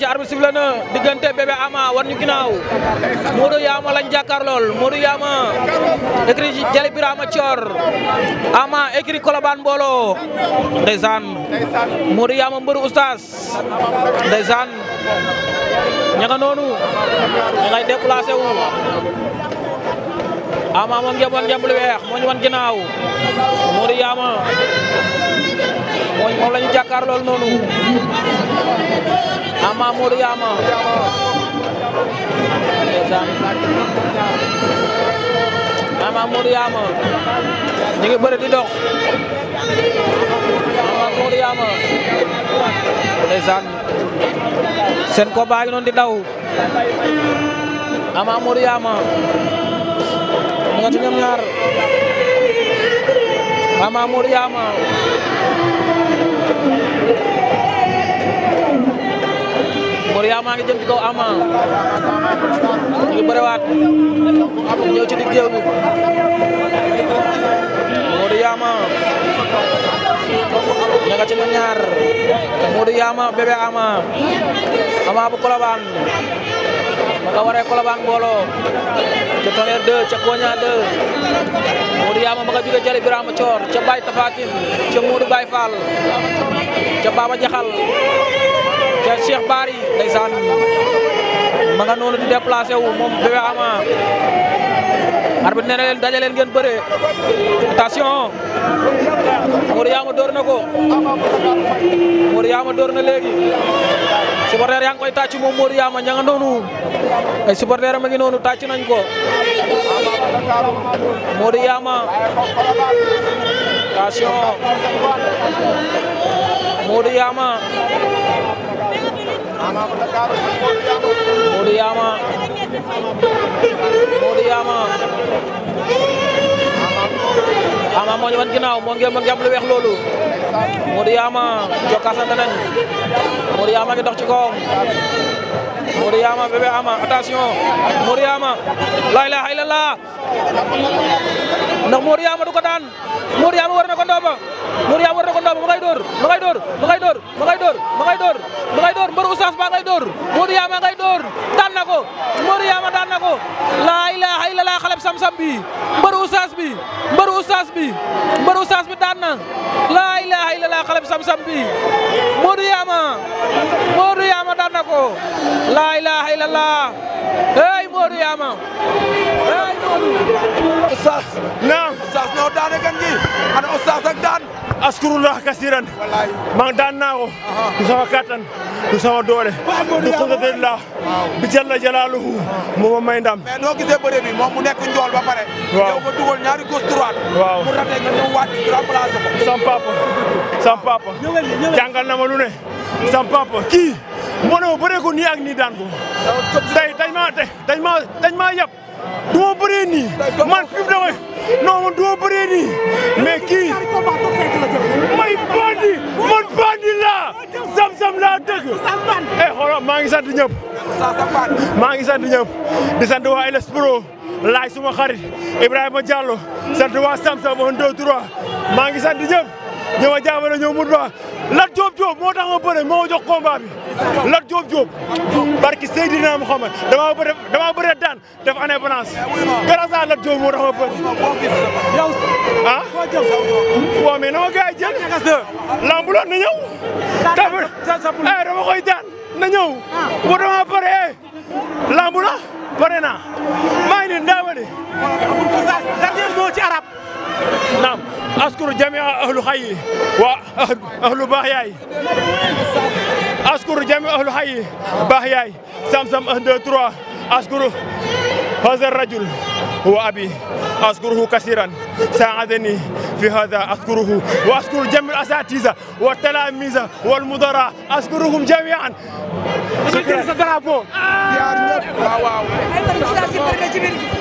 ci arbitre sifflé na diggante ama war ñu ginnaaw Modou lañ jàkkaar lool Modou Yama écrit Jali Birama ama écrit Colobane mbooloo ndeysaan Modou Yama mbëru oustaz ndeysaan ña noonu ña ngay déplacé ama moom ngeen woon weex moo ñu wan ginnaaw Modou jàkkaar lool noonu Ama Modou Yama ndeysaan Ama Modou Yama ñu ngi bëre di dox Ama Modou Yama ndeysaan seen ko baa ngi noonu di daw Ama Moria maa ngi jëm ci kaw Ama ñu bëriwaat ñëw ci digg géew bi Moria ma ña nga ci ñaar Moria Ama Ama bu Colobane ma nga waree Colobane mbooloo ca Tonnerre 2 ca Koña 2 Modou Yama ma nga jóge jëli Birama Thior ca Baye Tafatine ca Modou Baye Fall ca Baba Jaxal ca Cheikh Bari ndeysaan ma nga noonu di déplacé wu moom Bébé Ama arbitre nee leen daje leen ngeen bëre attention Modou Yama door na ko Modou Yama door na léegi supporter yaa ngi koy tàcc moom Modou Yama ña ma ngi noonu tàcc nañ ko Modou Yama attention Modou Yama Modou Yama Modou Ama moo ñu wan ginnaaw moo ngeen ma ngeen lu weex loolu Modou Yama jokkaasante nañ Modou Yama ngi dox ci kawam Modou Yama bébé Ama attention Modou Yama la ilaha illallah ndax Modou Yama du ko daan Modou Yama war na ko ndomba Modou Yama war na ko ndomba ma ngay door ma ngay door ma ngay door ma ngay door ma ngay door ma ngay door mbaru Oustaz ba ngay door Modou Yama ngay door daan na ko Modou Yama daan na ko la ilaha illallah sam-sam bi mbëru oustaz bi mbëru oustaz bi mbëru laa ilaaha illallah xale sam-sam bi Modou Yama Modou Yama ko laa ilaaha illallah hey Modou Yama hey askurullah kasiran man daan naa ko du sama kattan du sama doole du xudadillah bi jalla jalaaluhu moo ma may mu nekk njool ba pare waaw yow nga dugal ñaari gauche na ma lu ne sam papa kii mënoo bëree ko nii ak nii daan ko. tey dañ maa dañ dañ maa yab du ma bëree nii man fi mu damay non kii may bandi man bandi laa sam laa dëgg eh xoolal maa ngi sant ñëpp maa ngi sant ñëpp di sant waa El Espro laay suma xarit Ibrahima Diallo sant waa sam-sam maa ngi sant ñëpp ñëw a jàppale ñëw Modou Ba Lat moo tax ma bëre moo jox combat bi Lat Diop Diop barki Seydina Mouhamed damaa bëre damaa bëre daan def indépendance grâce à Lat Diop moo tax ma bëre yow ah na ma gars yi jël lambu loon na ñëw tafi eh dama koy daan na ñëw boo dama pare eh lambu la pare naa maa ngi leen daawale dernier mot ci arab askuru jamia ahlu xayyi wa ahlu baax yaay askuru jamia ahlu xayyi baax yaay samsam 1 2 3 askuru hada rajul wa abi askuruhu kasiran saadani fi hada askuruhu wa askuru jami asatisa wa talamisa wal mudara askuruhum jamian sa drapeau waaw waaw